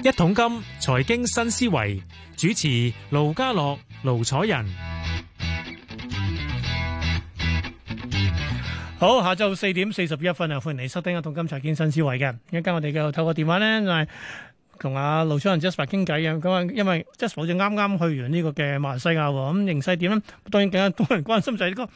一桶金財經新思維主持盧家樂、盧楚仁，好，下晝四點四十一分啊，歡迎你收聽《一桶金財經新思維》嘅，一陣間我哋就透過電話咧就係、是。同阿盧楚仁、Jasper 傾偈啊！咁啊，因為 Jasper 就啱啱去完呢個嘅馬來西亞喎，咁形勢點咧？當然更加多人關心就係呢個，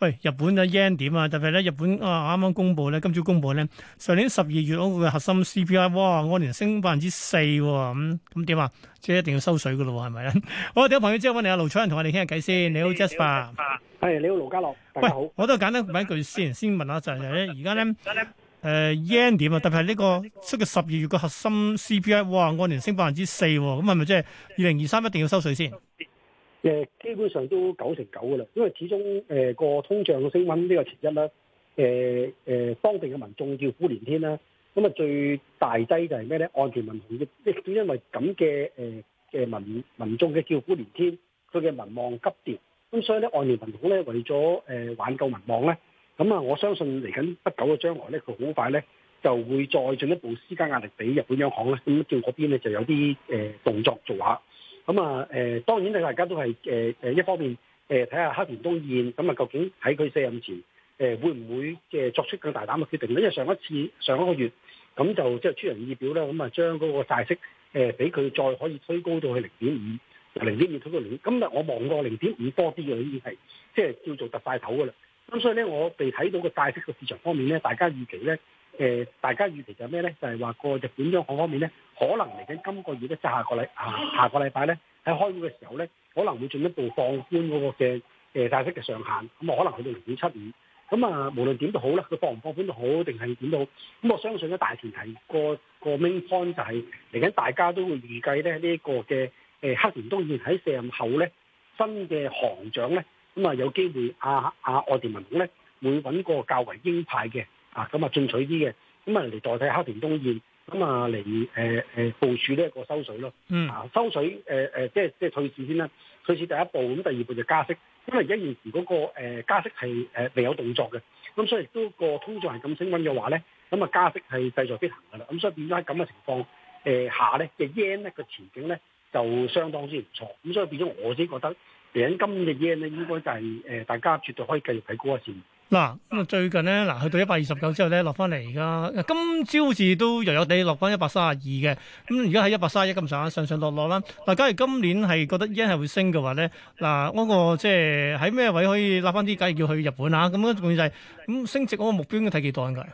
喂，日本嘅 yen 點啊？特別咧，日本啊啱啱公布咧，今朝公布咧，上年十二月嗰個嘅核心 CPI，哇，按年升百分之四，咁咁點啊？即係一定要收水噶咯，係咪咧？好，啲朋友即係揾你阿盧楚仁同我哋傾下偈先。你好，Jasper。係你好，盧家樂。喂，我都簡單問一句先，先問下就係咧，而家咧。誒 y e 點啊？特別係呢個出個十二月個核心 CPI，哇，按年升百分之四喎。咁係咪即係二零二三一定要收稅先？誒，基本上都九成九噶啦。因為始終誒個通脹嘅升溫呢個前一啦，誒、呃、誒、呃、當地嘅民眾叫苦連天啦。咁啊最大劑就係咩咧？岸田文雄亦亦都因為咁嘅誒嘅民民眾嘅叫苦連天，佢、呃、嘅民,、呃、民,民,民望急跌。咁所以咧，岸田文雄咧為咗誒、呃、挽救民望咧。咁啊，我相信嚟緊不久嘅將來咧，佢好快咧就會再進一步施加壓力俾日本央行咧。咁仲嗰邊咧就有啲誒、呃、動作做下。咁啊誒，當然你大家都係誒、呃、一方面誒睇下黑田東彥咁啊，究竟喺佢卸任前誒、呃、會唔會即、呃、作出更大膽嘅決定咧？因為上一次上一個月咁就即係、就是、出人意表咧，咁啊將嗰個債息誒俾佢再可以推高到去零點五、零點二、推到零。咁啊，我望過零點五多啲嘅已經係即係叫做突曬頭噶啦。咁所以咧，我哋睇到個債息嘅市場方面咧，大家預期咧，誒，大家預期就係咩咧？就係、是、話個日本央行方面咧，可能嚟緊今個月咧，即下個禮啊，下個禮拜咧，喺開會嘅時候咧，可能會進一步放寬嗰個嘅誒債息嘅上限，咁啊，可能去到零點七五。咁啊，無論點都好呢，佢放唔放寬都好，定係點都好。咁我相信咧，大前提個個 main point 就係嚟緊，大家都會預計咧，呢、這個嘅黑田東彥喺卸任後咧，新嘅行長咧。咁啊，有機會啊啊，外電民黨咧會搵個較為鷹派嘅啊，咁啊進取啲嘅，咁啊嚟代替黑田東彥，咁啊嚟誒誒部署呢一個收水咯。嗯。啊，收水誒、呃、即係即係退市先啦，退市第一步，咁第二步就加息。因為現時嗰、嗰個、呃、加息係誒未有動作嘅，咁所以都個通脹係咁升溫嘅話咧，咁啊加息係勢在必行㗎啦。咁所以變咗喺咁嘅情況下咧嘅 yen 咧前景咧就相當之唔錯。咁所以變咗我自己覺得。嚟緊今年嘅 yen 咧應該就係誒，大家絕對可以繼續睇高啊線。嗱咁啊，最近咧嗱，去到一百二十九之後咧，落翻嚟而家，今朝字都弱弱地落翻一百三十二嘅。咁而家喺一百三十一咁上下上上落落啦。嗱、啊，假如今年係覺得 yen 係會升嘅話咧，嗱、啊，嗰、那個即係喺咩位可以立翻啲？假如要去日本啊，咁樣仲要就係、是、咁升值嗰個目標嘅睇幾多啊？計、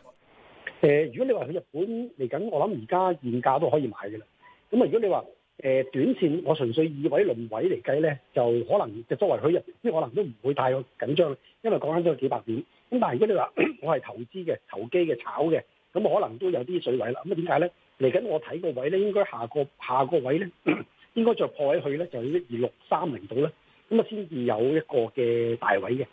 呃、誒，如果你話去日本嚟緊，我諗而家現價都可以買嘅啦。咁啊，如果你話，誒短線我純粹以位論位嚟計咧，就可能就作為佢入，即係可能都唔會太緊張，因為講緊都係幾百點。咁但係如果你話我係投資嘅、投機嘅、炒嘅，咁可能都有啲水位啦。咁啊點解咧？嚟緊我睇個位咧，應該下個下個位咧，應該再破位去咧，就一二六三零度咧，咁啊先至有一個嘅大位嘅。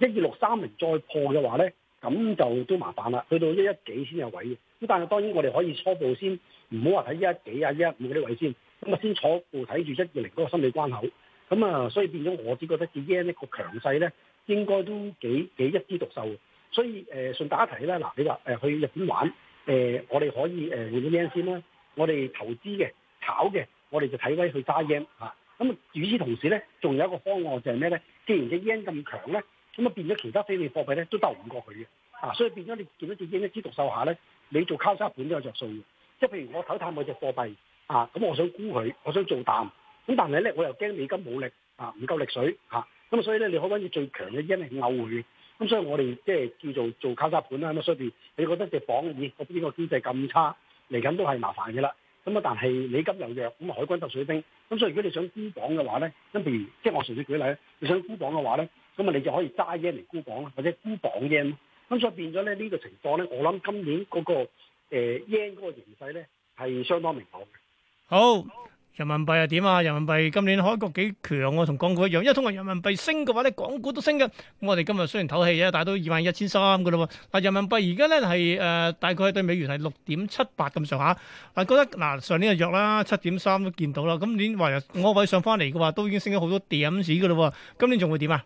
一二六三零再破嘅話咧，咁就都麻煩啦。去到一一幾先有位嘅。咁但係當然我哋可以初步先唔好話睇一一幾啊、一一五嗰啲位先。咁啊，先坐步睇住一二零嗰個心理關口，咁啊，所以變咗我只覺得隻 yen 一個強勢咧，應該都幾幾一枝獨秀嘅。所以誒、呃，順帶一提咧，嗱、啊，你話誒去日本玩，誒、呃、我哋可以誒換啲 yen 先啦。我哋投資嘅炒嘅，我哋就睇威去揸 yen 吓，咁啊，與此同時咧，仲有一個方案就係咩咧？既然隻 yen 咁強咧，咁啊變咗其他非現貨幣咧都鬥唔過佢嘅啊。所以變咗你見到隻 yen 一枝獨秀下咧，你做交叉盤都有着數。即係譬如我睇探每隻貨幣。啊！咁我想沽佢，我想做淡咁，但係咧我又驚美金冇力啊，唔夠力水嚇咁、啊、所以咧你可以揾啲最強嘅因 e n 嚟勾咁，所以我哋即係叫做做交叉盤啦。咁所以你覺得嘅磅咦，邊個經濟咁差嚟緊都係麻煩嘅啦。咁啊，但係美金又弱，咁啊，海軍就水兵咁。所以如果你想沽榜嘅話咧，咁譬如即係我隨處舉例你想沽榜嘅話咧，咁啊，你就可以揸 y 嚟沽榜，啦，或者沽榜 y 咁，所以變咗咧呢、這個情況咧，我諗今年嗰、那個誒 y 嗰個形勢咧係相當明朗嘅。好，人民幣又點啊？人民幣今年開局幾強啊，同港股一樣。因為通過人民幣升嘅話咧，港股都升嘅。我哋今日雖然唞氣啫，但係都二萬一千三㗎喇。嗱，人民幣而家咧係誒，大概對美元係六點七八咁上下。嗱，覺得嗱上年就弱啦，七點三都見到啦。今年話我位上翻嚟嘅話，都已經升咗好多點子㗎喇。今年仲會點啊？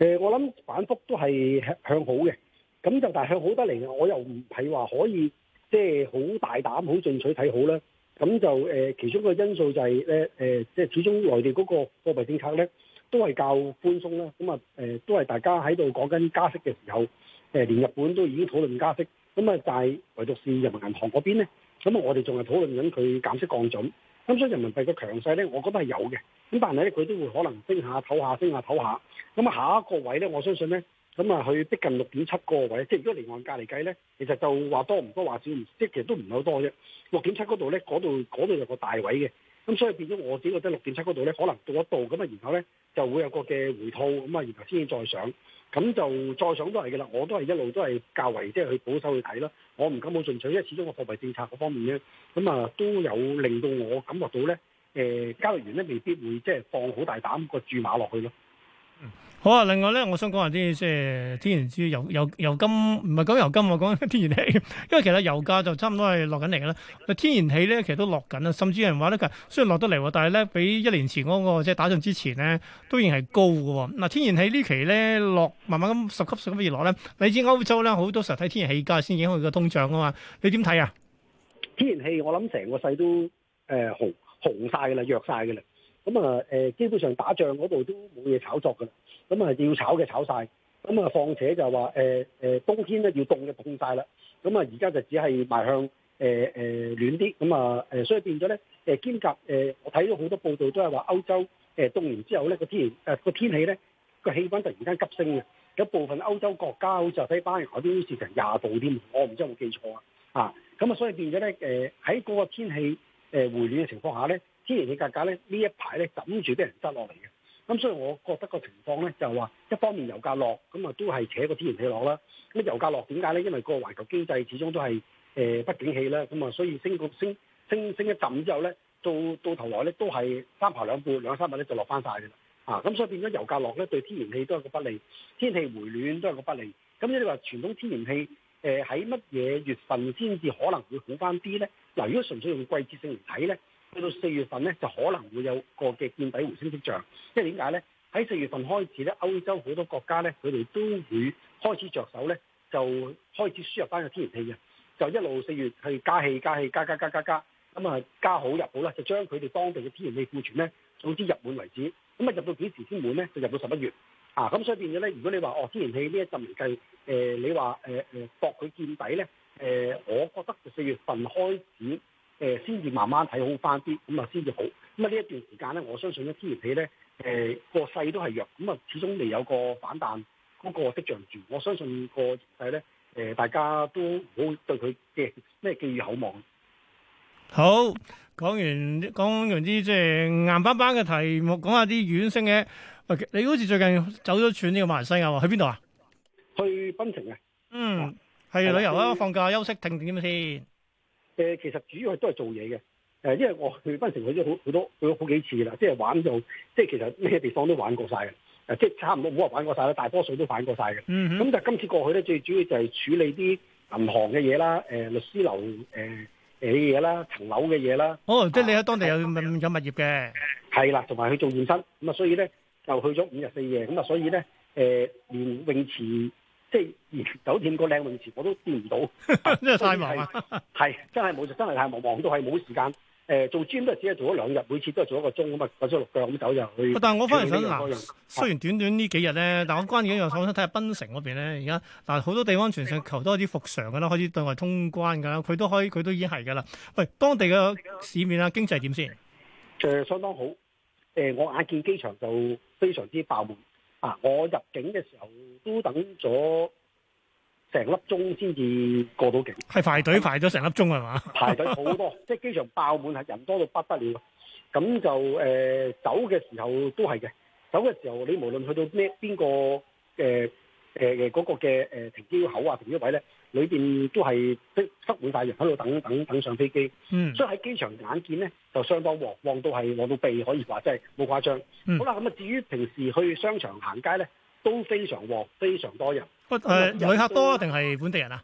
誒，我諗反復都係向好嘅，咁就但係向好得嚟，我又唔係話可以即係好大膽、好進取睇好啦。咁就誒、呃，其中一個因素就係咧誒，即係始終內地嗰個貨幣政策咧都係較寬鬆啦。咁啊、呃、都係大家喺度講緊加息嘅時候，誒、呃、連日本都已經討論加息。咁啊，但係唯獨是人民銀行嗰邊咧，咁啊我哋仲係討論緊佢減息降準。咁所以人民幣嘅強勢咧，我覺得係有嘅。咁但係咧，佢都會可能升下唞下，升下唞下。咁啊，下一個位咧，我相信咧。咁啊，佢逼近六點七個位，即係如果離岸價嚟計咧，其實就話多唔多話少唔，即其實都唔係好多啫。六點七嗰度咧，嗰度嗰度有個大位嘅，咁所以變咗我自己覺得六點七嗰度咧，可能到一度咁啊，然後咧就會有個嘅回吐咁啊，然後先至再上，咁就再上都係嘅啦。我都係一路都係較為即係、就是、去保守去睇啦，我唔敢冇進取，因為始終個貨幣政策嗰方面咧，咁啊都有令到我感覺到咧，誒、呃、交易員咧未必會即係放好大膽個注碼落去咯。好啊！另外咧，我想講下啲即係天然氣油油油金，唔係講油金，我講天然氣。因為其實油價就差唔多係落緊嚟嘅啦。天然氣咧，其實都落緊啦，甚至有人話咧，其實雖然落得嚟，但係咧比一年前嗰、嗰個即係打仗之前咧，都仍係高嘅。嗱，天然氣呢期咧落，慢慢咁十級數咁熱落咧。你知歐洲咧好多時候睇天然氣價先影響佢個通脹啊嘛？你點睇啊？天然氣我諗成個世都誒、呃、紅紅晒噶啦，弱晒噶啦。咁啊，基本上打仗嗰度都冇嘢炒作嘅，咁啊要炒嘅炒晒，咁啊況且就話冬天咧要凍嘅凍晒啦，咁啊而家就只係邁向誒、呃、暖啲，咁啊所以變咗咧誒兼夾我睇到好多報道都係話歐洲誒凍完之後咧個天個、呃、天氣咧個氣温突然間急升嘅，有部分歐洲國家好似西班牙啲好似成廿度添，我唔知有冇記錯啊，啊咁啊所以變咗咧誒喺嗰個天氣誒回、呃、暖嘅情況下咧。天然氣價格咧呢一排咧枕住俾人塞落嚟嘅，咁所以我覺得個情況咧就係話，一方面油價落，咁啊都係扯個天然氣落啦。咁油價落點解咧？因為個環球經濟始終都係誒不景氣啦，咁啊所以升個升升升一陣之後咧，到到頭來咧都係三爬兩撥，兩三日咧就落翻晒嘅啦。啊，咁所以變咗油價落咧對天然氣都係個不利，天氣回暖都係個不利。咁你係話傳統天然氣喺乜嘢月份先至可能會好翻啲咧？嗱，如果純粹用季節性嚟睇咧。去到四月份咧，就可能會有個嘅見底回升跡象。即係點解咧？喺四月份開始咧，歐洲好多國家咧，佢哋都會開始着手咧，就開始輸入翻個天然氣嘅，就一路四月去加氣、加氣、加加加加加，咁啊加好入好啦，就將佢哋當地嘅天然氣庫存咧，總之入滿為止。咁啊入到幾時先滿咧？就入到十一月啊。咁所以變咗咧，如果你話哦天然氣呢一陣嚟計，呃、你話誒誒博佢見底咧，誒、呃、我覺得就四月份開始。誒、呃，先至慢慢睇好翻啲，咁啊先至好。咁啊呢一段時間咧，我相信咧天然氣咧，誒、呃、個勢都係弱，咁、嗯、啊始終未有個反彈嗰個跡象住。我相信個勢咧，誒、呃、大家都唔好對佢嘅咩寄予厚望。好，講完講完啲即係硬梆梆嘅題目，講下啲軟性嘢。你好似最近走咗轉呢個馬來西亞，去邊度啊？去檳城啊？嗯，係旅遊啦，嗯、放假、嗯、休息，定點先。誒其實主要係都係做嘢嘅，誒因為我去檳城個都好好多去咗好幾次啦，即係玩到，即係其實咩地方都玩過晒嘅，誒即係差唔多冇日玩過晒啦，大多數都玩過晒嘅。咁、嗯、但係今次過去咧，最主要就係處理啲銀行嘅嘢啦，誒律師樓誒誒嘅嘢啦，層樓嘅嘢啦。哦，即係你喺當地有、啊、有物業嘅，係啦，同埋去做驗身，咁啊所以咧就去咗五日四夜，咁啊所以咧誒連泳池。即係酒店個靚泳池我都見唔到， 真係太忙啦！係真係冇，真係太忙，忙到係冇時間。誒、呃、做 gym 都只係做咗兩日，每次都係做一、嗯、個鐘咁啊，快速六腳咁走入去。但係我反而想嗱，雖然短短這幾天呢幾日咧，但我關鍵又講緊睇下檳城嗰邊咧，而家但嗱好多地方全球都多啲復常㗎啦，開始對外通關㗎啦，佢都可佢都已經係㗎啦。喂，當地嘅市面啊，經濟點先？誒，相當好。誒、呃，我眼見機場就非常之爆滿。啊！我入境嘅時候都等咗成粒鐘先至過到境，係排隊排咗成粒鐘係嘛？排隊好多， 即係機場爆滿，係人多到不得了。咁就誒、呃、走嘅時候都係嘅，走嘅時候你無論去到咩邊個誒誒誒嗰個嘅誒停機口啊、停機位咧。裏邊都係塞滿大人喺度等等等上飛機，嗯，所以喺機場眼見咧就相當旺，旺到係旺到鼻。可以話真係冇誇張。好啦，咁啊，至於平時去商場行街咧，都非常旺，非常多人。不、呃、誒，旅客多定係本地人啊？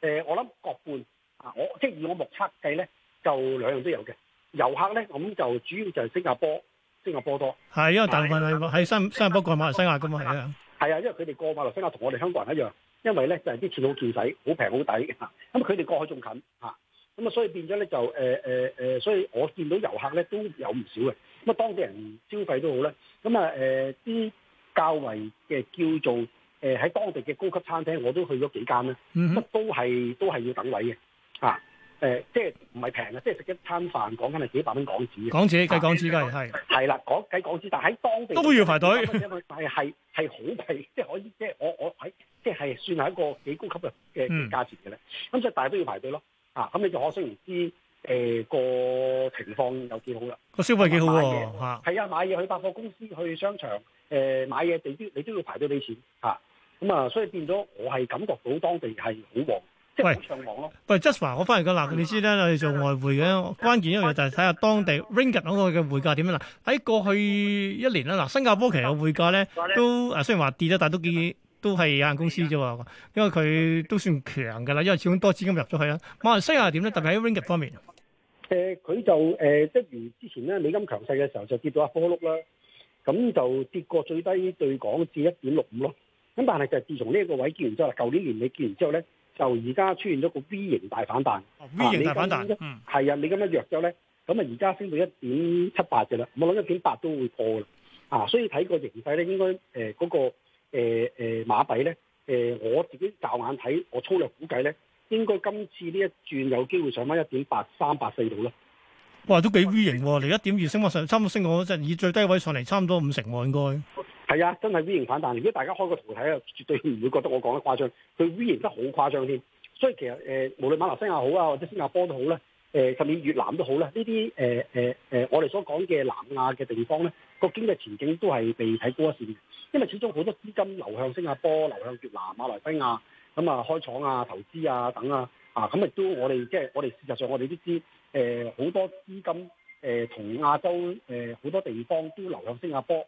誒、呃呃，我諗各半啊，我即係以我目測計咧，就兩樣都有嘅。遊客咧，咁就主要就係新加坡，新加坡多。係因為大部分係喺新新加坡過馬來西亞噶嘛，係啊。係啊，啊，因為佢哋過馬來西亞同我哋香港人一樣。因為咧就係啲錢好易使，好平好抵嚇，咁佢哋過去仲近嚇，咁啊所以變咗咧就誒誒、呃呃、所以我見到遊客咧都有唔少嘅。咁啊當地人消費都好啦，咁啊誒啲較為嘅叫做誒喺、呃、當地嘅高級餐廳我都去咗幾間啦，都都係都係要等位嘅嚇誒、呃，即係唔係平嘅，即係食一餐飯，講緊係幾百蚊港紙。港紙計港紙計係係啦，講 計港紙，但係喺當地都要排隊，係係係好貴，即係可以，即係我我喺即係算係一個幾高級嘅嘅價錢嘅咧。咁、嗯、所以大家都要排隊咯，啊，咁你就可想而知誒、呃、個情況有幾好啦。個消費幾好喎，係啊，買嘢、啊、去百貨公司、去商場誒、呃、買嘢，你都你都要排隊畀錢，吓、啊、咁啊，所以變咗我係感覺到當地係好旺。喂，上網咯。喂 j u s 我翻嚟嘅嗱，你知咧，我哋做外匯嘅、嗯，關鍵一樣嘢就係睇下當地 Ringgit 嗰個嘅匯價點樣啦。喺過去一年啦，嗱，新加坡其實個匯價咧，都誒雖然話跌得，但係都幾都係有限公司啫喎。因為佢都算強嘅啦，因為始終多資金入咗去啦。馬來西亞點咧？特別喺 Ringgit 方面。誒、呃，佢就誒，即、呃、如、呃、之前咧，美金強勢嘅時候就跌到一顆碌啦，咁就跌過最低對港紙一點六五咯。咁但係就係自從呢一個位置見完之後，舊年年尾見完之後咧。就而家出現咗個 V 型大反彈，V 型大反彈，嗯，係啊，你咁樣，、嗯啊、樣弱咗咧，咁啊而家升到一點七八嘅啦，我諗一點八都會破㗎，啊，所以睇個形勢咧，應該誒嗰、呃那個誒誒、呃、馬幣咧，誒、呃、我自己驟眼睇，我粗略估計咧，應該今次呢一轉有機會上翻一點八三八四度咧。哇，都幾 V 型嚟一點二升翻上，差唔多升我真係以最低位上嚟差唔多五成喎，應該。係啊，真係 V 型反彈。如果大家開個圖睇啊，絕對唔會覺得我講得誇張。佢 V 型得好誇張添。所以其實誒，無論馬來西亞好啊，或者新加坡都好咧，誒、呃，甚至越南都好咧。呢啲誒誒誒，我哋所講嘅南亞嘅地方咧，個經濟前景都係被睇多線嘅。因為始終好多資金流向新加坡，流向越南、馬來西亞，咁、嗯、啊開廠啊、投資啊等啊。啊，咁、嗯、亦都我哋即係我哋事實上，我哋都知誒好、呃、多資金誒同、呃、亞洲誒好、呃、多地方都流向新加坡。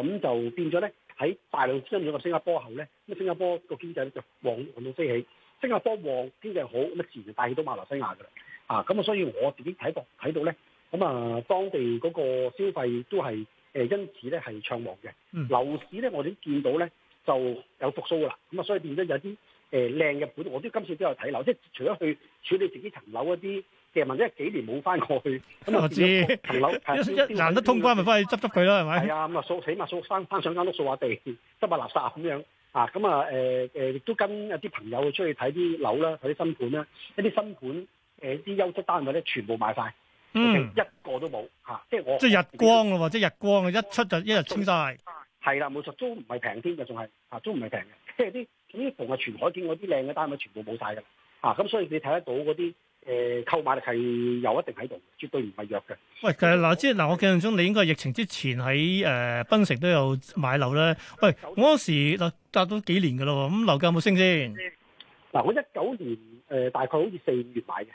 咁就變咗咧，喺大陸商量支咗個新加坡後咧，咁啊新加坡個經濟就旺到飛起。新加坡旺經濟好，咁啊自然就帶起到馬來西亞㗎啦。啊，咁啊，所以我自己睇過睇到咧，咁啊當地嗰個消費都係、呃、因此咧係暢旺嘅、嗯。樓市咧，我哋見到咧就有復甦㗎啦。咁啊，所以變咗有啲誒靚嘅盤，我都今次都有睇樓，即、就、係、是、除咗去處理自己層樓一啲。成日問，因為幾年冇返過去，咁啊知層樓一，一難得通關撿撿，咪返去執執佢咯，係咪？係啊，咁啊掃，起碼掃翻翻上間屋掃下地，執下垃圾咁樣啊。咁啊誒誒，亦都跟一啲朋友出去睇啲樓啦，睇啲新盤啦，一啲新盤誒啲優質單位咧，全部賣晒，嗯，一個都冇吓，即係我即係日光咯，即係日光啊，一出就一日清晒。係啦冇錯，都唔係平添嘅，仲係啊都唔係平嘅，即係啲咁啲房係全海景嗰啲靚嘅單位，全部冇晒㗎，啊咁所以你睇得到嗰啲。誒，購買力係有一定喺度，絕對唔係弱嘅。喂，其實嗱，即係嗱，我印象中你應該疫情之前喺誒，檳城都有買樓咧。喂，我嗰時嗱，隔咗幾年噶啦，咁樓價有冇升先？嗱，我一九年誒，大概好似四五月買嘅，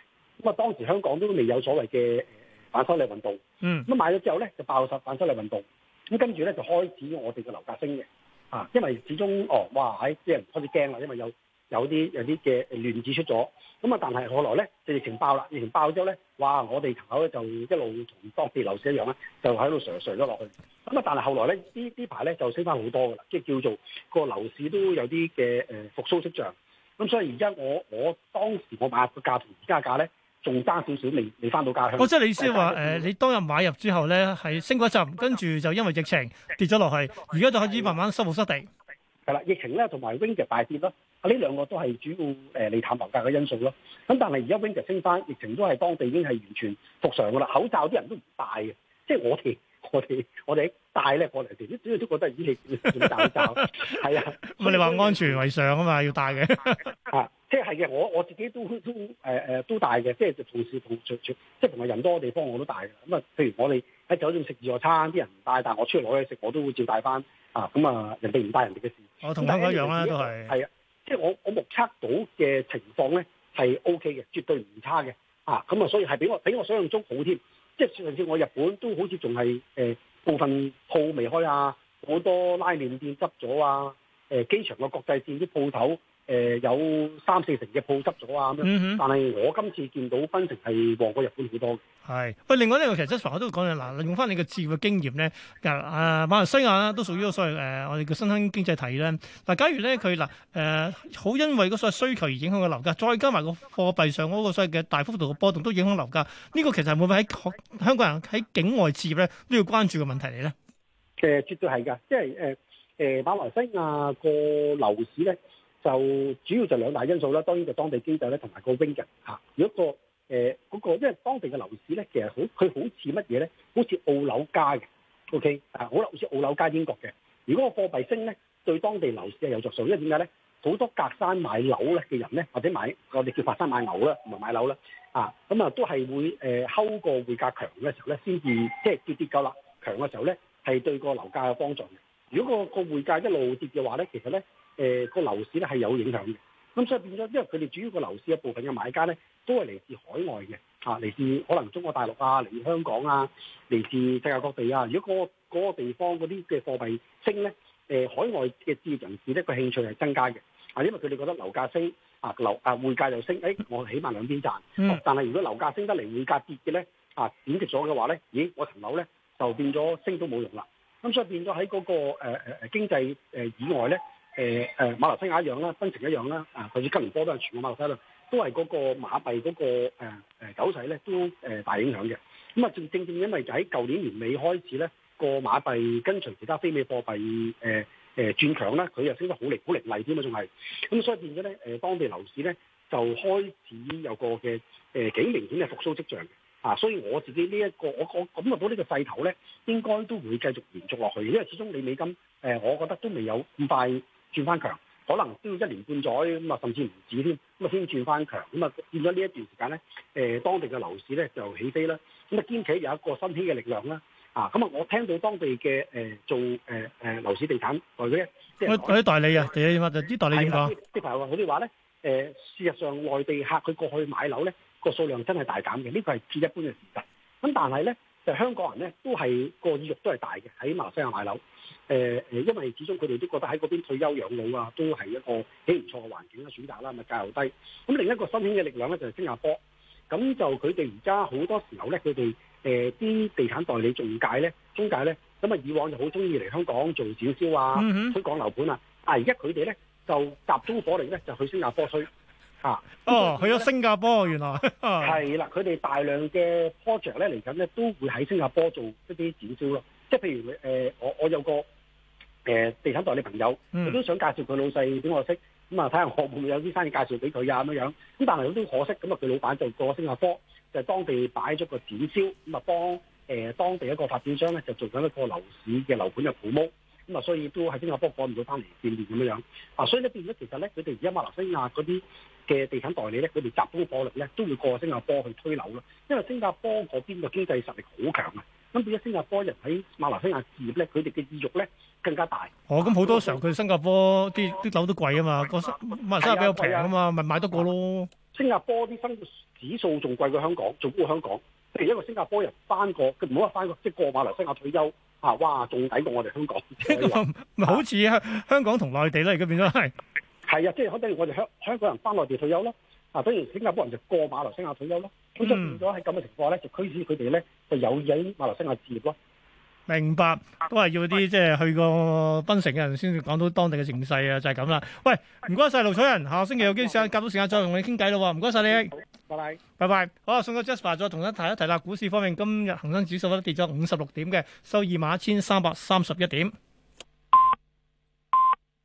咁啊，當時香港都未有所謂嘅反修例運動，嗯，咁啊買咗之後咧就爆發反修例運動，咁跟住咧就開始我哋嘅樓價升嘅，啊，因為始終哦，哇，喺啲人開始驚啦，因為有。有啲有啲嘅亂子出咗，咁啊，但係後來咧，疫情爆啦，疫情爆咗之後咧，哇！我哋頭咧就一路同當地樓市一樣咧，就喺度垂垂咗落去。咁啊，但係後來咧，呢呢排咧就升翻好多噶啦，即係叫做個樓市都有啲嘅誒復甦跡象。咁所以而家我我當時我買個價同而家價咧，仲爭少少，未未翻到價去。我即係意思話誒、啊，你當日買入之後咧，係升過一陣，跟住就因為疫情跌咗落去，而家就開始慢慢收復失地。係啦，疫情咧同埋 Vinci 大跌咯。呢兩個都係主要誒離氹樓價嘅因素咯。咁但係而家 Winter 就升翻，疫情都係當地已經係完全復常㗎啦。口罩啲人都唔戴嘅，即係我哋我哋我哋戴咧，嚟。我哋啲主要都覺得依啲唔戴口罩係啊。咁你話安全為上啊嘛，要戴嘅啊，即係係嘅。我我自己都都誒誒、呃、都戴嘅，即係同事同從即係同埋人多嘅地方我都戴嘅。咁啊，譬如我哋喺酒店食自助餐啲人唔戴，但我出去攞嘢食我都會照戴翻啊。咁啊，人哋唔戴，人哋嘅事。我同大家一樣啦，都係係啊。即係我我目測到嘅情況咧係 O K 嘅，絕對唔差嘅啊！咁啊，所以係比我比我想象中好添。即係上次我日本都好似仲係誒部分鋪未開啊，好多拉麵店執咗啊，誒、呃、機場嘅國際線啲鋪頭。誒、呃、有三四成嘅鋪執咗啊！咁、嗯嗯、但係我今次見到檳城係旺過日本好多嘅。喂，另外呢個其實真常我都講嘅嗱，用翻你嘅置業經驗咧，嗱誒馬來西亞都屬於個所謂誒、呃、我哋嘅新興經濟體咧。嗱，假如咧佢嗱誒好因為嗰個所謂需求而影響個樓價，再加埋個貨幣上嗰個所謂嘅大幅度嘅波動都影響樓價。呢、這個其實係會唔會喺香港人喺境外置業咧都要關注嘅問題嚟咧？誒、呃，絕對係㗎，即係誒誒馬來西亞個樓市咧。就主要就兩大因素啦，當然就當地經濟咧同埋個 ving 嘅嚇。如果個誒嗰個，因為當地嘅樓市咧，其實好佢好似乜嘢咧？好似澳樓街嘅，OK 啊，好似澳樓街英國嘅。如果個貨幣升咧，對當地樓市係有著數，因為點解咧？好多隔山買樓咧嘅人咧，或者買我哋叫佛山買牛啦，唔係買樓啦啊，咁啊都係會誒睺個匯價強嘅時候咧，先至即係跌跌夠啦。強嘅時候咧，係對個樓價有幫助嘅。如果個個匯價一路跌嘅話咧，其實咧。誒、呃個樓市咧係有影響嘅，咁所以變咗，因為佢哋主要個樓市一部分嘅買家咧都係嚟自海外嘅，嚇、啊、嚟自可能中國大陸啊，嚟自香港啊，嚟自世界各地啊。如果、嗰個、嗰個地方嗰啲嘅貨幣升咧，誒、呃、海外嘅置業人士咧個興趣係增加嘅，啊因為佢哋覺得樓價升啊樓啊匯價又升，誒、哎、我起碼兩邊賺。嗯啊、但係如果樓價升得嚟匯價跌嘅咧，啊貶值咗嘅話咧，咦我層樓咧就變咗升都冇用啦。咁所以變咗喺嗰個、呃、經濟以外咧。誒誒馬來西亞一樣啦，檳城一樣啦，啊，好似吉隆坡都係全個馬來西亞都係嗰個馬幣嗰個誒誒走勢咧，都誒大影響嘅。咁啊，正正正因為就喺舊年年尾開始咧，個馬幣跟隨其他非美貨幣誒誒轉強咧，佢又升得好凌厲好凌厲添嘛，仲係，咁所以變咗咧誒當地樓市咧就開始有個嘅誒幾明顯嘅復甦跡象。啊，所以我自己呢、這、一個我我感覺到呢個勢頭咧，應該都會繼續延續落去，因為始終你美金誒，我覺得都未有咁快。轉翻強，可能都要一年半載咁啊，甚至唔止添，咁啊先轉翻強，咁啊變咗呢一段時間咧，當地嘅樓市咧就起飛啦，咁啊堅企有一個新興嘅力量啦，啊咁啊我聽到當地嘅、呃、做誒、呃、樓市地產代理，即係代理啊，地產發啲代理啦、啊，啲排話佢哋話咧，事實上外地客佢過去買樓咧個數量真係大減嘅，呢個係至一般嘅事實，咁但係咧。就是、香港人咧，都係個意欲都係大嘅，喺馬來西亞買樓。誒、呃、誒，因為始終佢哋都覺得喺嗰邊退休養老啊，都係一個幾唔錯嘅環境嘅選擇啦，物價又低。咁另一個新興嘅力量咧，就係、是、新加坡。咁就佢哋而家好多時候咧，佢哋誒啲地產代理中介咧，中介咧，咁啊以往就好中意嚟香港做展銷啊，推、mm、廣 -hmm. 樓盤啊。啊而家佢哋咧就集中火力咧，就去新加坡推。啊！哦、嗯，去咗新加坡，原來係啦。佢哋 大量嘅 project 咧嚟緊咧，都會喺新加坡做一啲展銷咯。即係譬如誒、呃，我我有個誒、呃、地產代理朋友，佢都想介紹佢老細俾我識，咁啊睇下會唔會有啲生意介紹俾佢啊咁樣。咁但係都好可惜，咁啊佢老闆就過咗新加坡，就係、當地擺咗個展銷，咁啊幫誒、呃、當地一個發展商咧就做緊一個樓市嘅樓盤嘅 promo。咁啊所以都喺新加坡過唔到翻嚟見面咁樣樣。啊所以咧變咗其實咧佢哋而家馬來西亞嗰啲。嘅地產代理咧，佢哋集中個火力咧，都會過新加坡去推樓咯。因為新加坡嗰邊個經濟實力好強啊，咁變咗新加坡人喺馬來西亞置業咧，佢哋嘅意欲咧更加大。哦，咁好多時候佢新加坡啲啲樓都貴啊嘛，個馬來西亞比較平啊嘛，咪、啊、買得過咯。新加坡啲生活指數仲貴過香港，仲高過香港。譬如一個新加坡人翻過佢唔好話翻過即係過馬來西亞退休啊哇，仲抵過我哋香港。唔 好似香港同內地咧，而家變咗係。係啊，即係，好比如我哋香香港人翻內地退休咯，嗱，比如新加坡人就過馬來西亞退休咯，咁就變咗喺咁嘅情況咧，就驅使佢哋咧，就有意喺馬來西亞置業咯。明白，都係要啲即係去過檳城嘅人先至講到當地嘅情勢啊，就係咁啦。喂，唔該晒，盧楚仁，下個星期有機會夾到時間再同你傾偈咯喎，唔該晒你，拜拜，拜拜。好啊，送個 Jasper 再同大家提一提啦。股市方面，今日恒生指數咧跌咗五十六點嘅，收二萬一千三百三十一點。